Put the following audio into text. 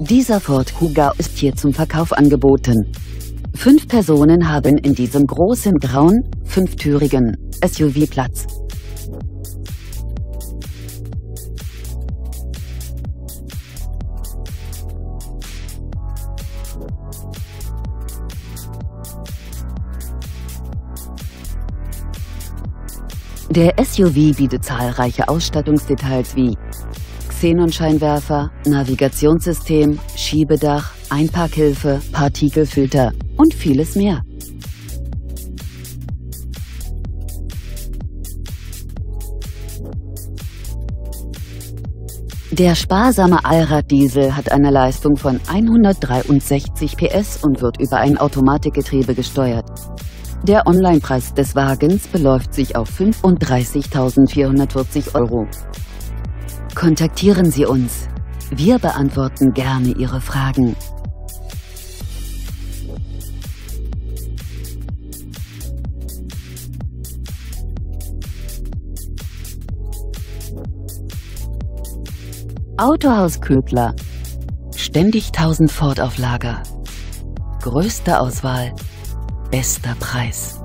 Dieser Ford Kuga ist hier zum Verkauf angeboten. Fünf Personen haben in diesem großen grauen, fünftürigen SUV Platz. Der SUV bietet zahlreiche Ausstattungsdetails wie Xenonscheinwerfer, Navigationssystem, Schiebedach, Einparkhilfe, Partikelfilter und vieles mehr. Der sparsame Allraddiesel hat eine Leistung von 163 PS und wird über ein Automatikgetriebe gesteuert. Der Onlinepreis des Wagens beläuft sich auf 35.440 Euro. Kontaktieren Sie uns. Wir beantworten gerne Ihre Fragen. Autohaus Ködler. Ständig 1000 Ford auf Lager. Größte Auswahl Bester Preis.